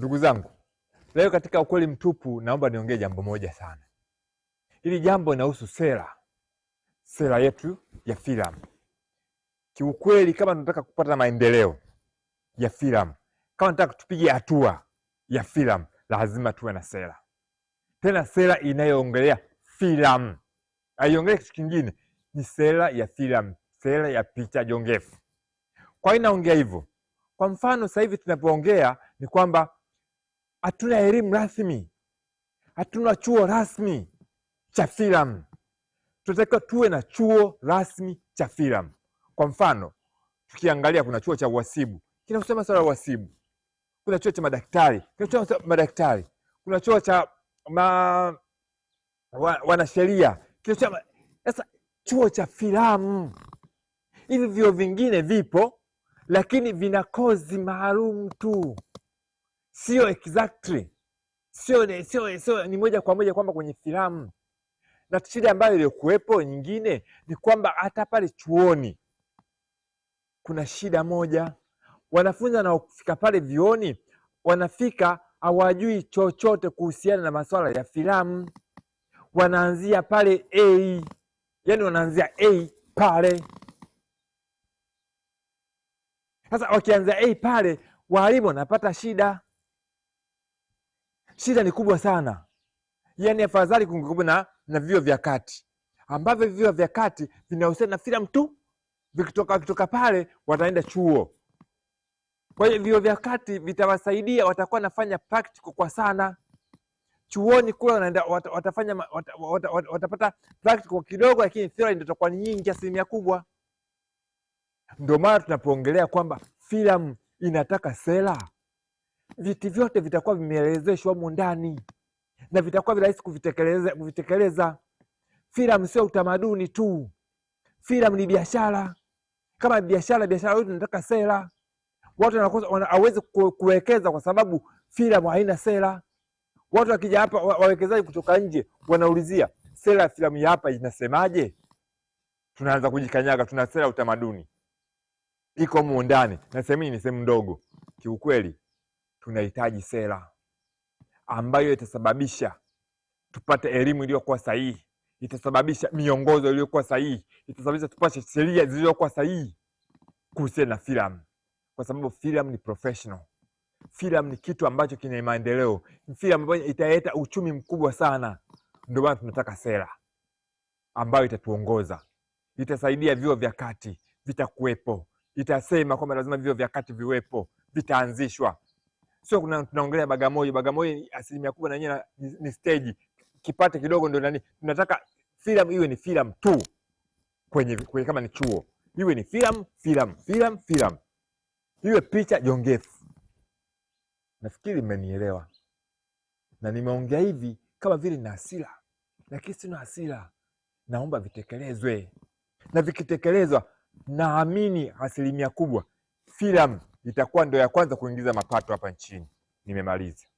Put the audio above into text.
Ndugu zangu, leo katika ukweli mtupu, naomba niongee jambo moja sana. Hili jambo linahusu sera, sera yetu ya filamu. Kiukweli, kama tunataka kupata maendeleo ya filamu, kama tunataka tupige hatua ya filamu, lazima tuwe na sera, tena sera inayoongelea filamu, aiongelea kitu kingine. Ni sera ya filamu, sera ya picha jongefu. Kwa nini naongea hivyo? Kwa mfano, sasa hivi tunapoongea ni kwamba hatuna elimu rasmi, hatuna chuo rasmi cha filamu. Tunatakiwa tuwe na chuo rasmi cha filamu. Kwa mfano, tukiangalia kuna chuo cha uhasibu kinakusema swala ya uhasibu, kuna chuo cha madaktari madaktari, kuna chuo cha ma... wa, wanasheria kinachosema. Sasa chuo cha filamu, hivi vyuo vingine vipo, lakini vina kozi maalum tu sio exactly, sio sio sio ni moja kwa moja kwamba kwenye filamu. Na shida ambayo iliyokuwepo nyingine ni kwamba hata pale chuoni kuna shida moja, wanafunzi wanaofika pale vioni wanafika hawajui chochote kuhusiana na masuala ya filamu, wanaanzia pale A, yani wanaanzia A pale. Sasa wakianzia A pale, walimu wanapata shida shida ni kubwa sana. Yani afadhali kungekuwa na, na vio vya kati ambavyo vio vya kati vinahusiana na filamu tu, vikitoka wakitoka pale wataenda chuo. Kwa hiyo vio vya kati vitawasaidia, watakuwa nafanya practical kwa sana chuoni kule wanaenda watafanya wat, wat, wat, watapata practical kidogo, lakini theory ndio itakuwa ni nyingi, asilimia kubwa. Ndio maana tunapoongelea kwamba filamu inataka sera viti vyote vitakuwa vimeelezeshwa humo ndani na vitakuwa virahisi kuvitekeleza, kuvitekeleza. Filamu sio utamaduni tu, filamu ni biashara. Kama biashara, biashara yote inataka sera. Watu hawezi kuwekeza kwa sababu filamu haina sera. Watu wakija hapa, wawekezaji kutoka nje wanaulizia sera ya filamu ya hapa inasemaje? Tunaanza kujikanyaga, tuna sera ya utamaduni iko mu ndani, na sehemu hii ni sehemu ndogo kiukweli tunahitaji sera ambayo itasababisha tupate elimu iliyokuwa sahihi, itasababisha miongozo iliyokuwa sahihi, itasababisha tupate sheria zilizokuwa sahihi kuhusiana na filamu, kwa sababu filamu ni professional. Filamu ni kitu ambacho kina maendeleo, filamu ambayo italeta uchumi mkubwa sana. Ndio maana tunataka sera ambayo itatuongoza, itasaidia vyuo vya kati vitakuwepo, itasema kwamba lazima vyuo vya kati viwepo, vitaanzishwa sio kuna tunaongelea Bagamoyo. Bagamoyo asilimia kubwa na ni stage, kipate kidogo ndio nani. Tunataka filamu iwe ni filamu tu kwenye, kwenye kama ni chuo iwe ni filamu filamu filamu filamu, iwe picha jongefu. Nafikiri mmenielewa na nimeongea hivi kama vile na hasira, lakini sina hasira. Naomba vitekelezwe, na vikitekelezwa, naamini asilimia kubwa filamu itakuwa ndio ya kwanza kuingiza mapato hapa nchini. Nimemaliza.